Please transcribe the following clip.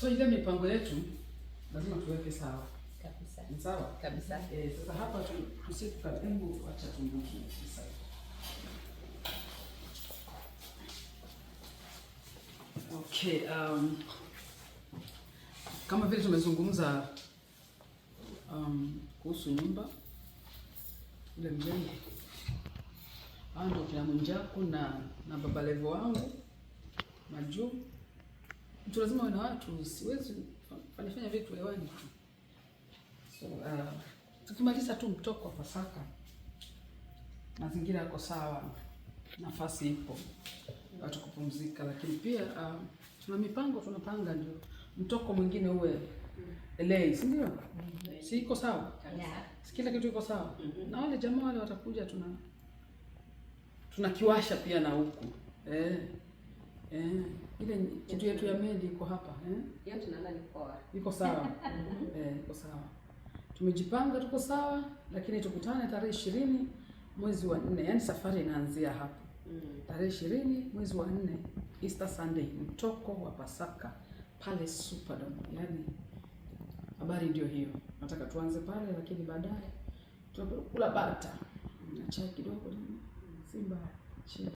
So ile mipango yetu lazima tuweke sawa. Kabisa. Ni sawa? Kabisa. Eh, sasa hapa tu tusipokaribu acha tumbuki sasa. Okay, um, kama vile tumezungumza um, kuhusu nyumba ile mjengo ando kina Mwijaku na na Baba Levo wangu Maju mtu lazima uwe na watu, siwezi fanya fanya vitu hewani tu. So uh, tukimaliza tu mtoko wa Pasaka, mazingira yako sawa, nafasi ipo watu kupumzika, lakini pia uh, tuna mipango tunapanga, ndio mtoko mwingine uwe elei si ndio? Si iko sawa, si kila kitu iko sawa mm -hmm. na wale jamaa wale watakuja, tuna tunakiwasha pia na huku eh. Eh, ile kitu yetu ya meli iko hapa eh? Yote poa. iko sawa mhm. eh, iko sawa. Tumejipanga, tuko sawa, lakini tukutane tarehe ishirini mwezi wa nne. Yani safari inaanzia hapo mm. tarehe ishirini mwezi wa nne, Easter Sunday, mtoko wa Pasaka pale Superdome. Yaani habari ndio hiyo, nataka tuanze pale, lakini baadaye tunakula bata na chai kidogo, si mbaya.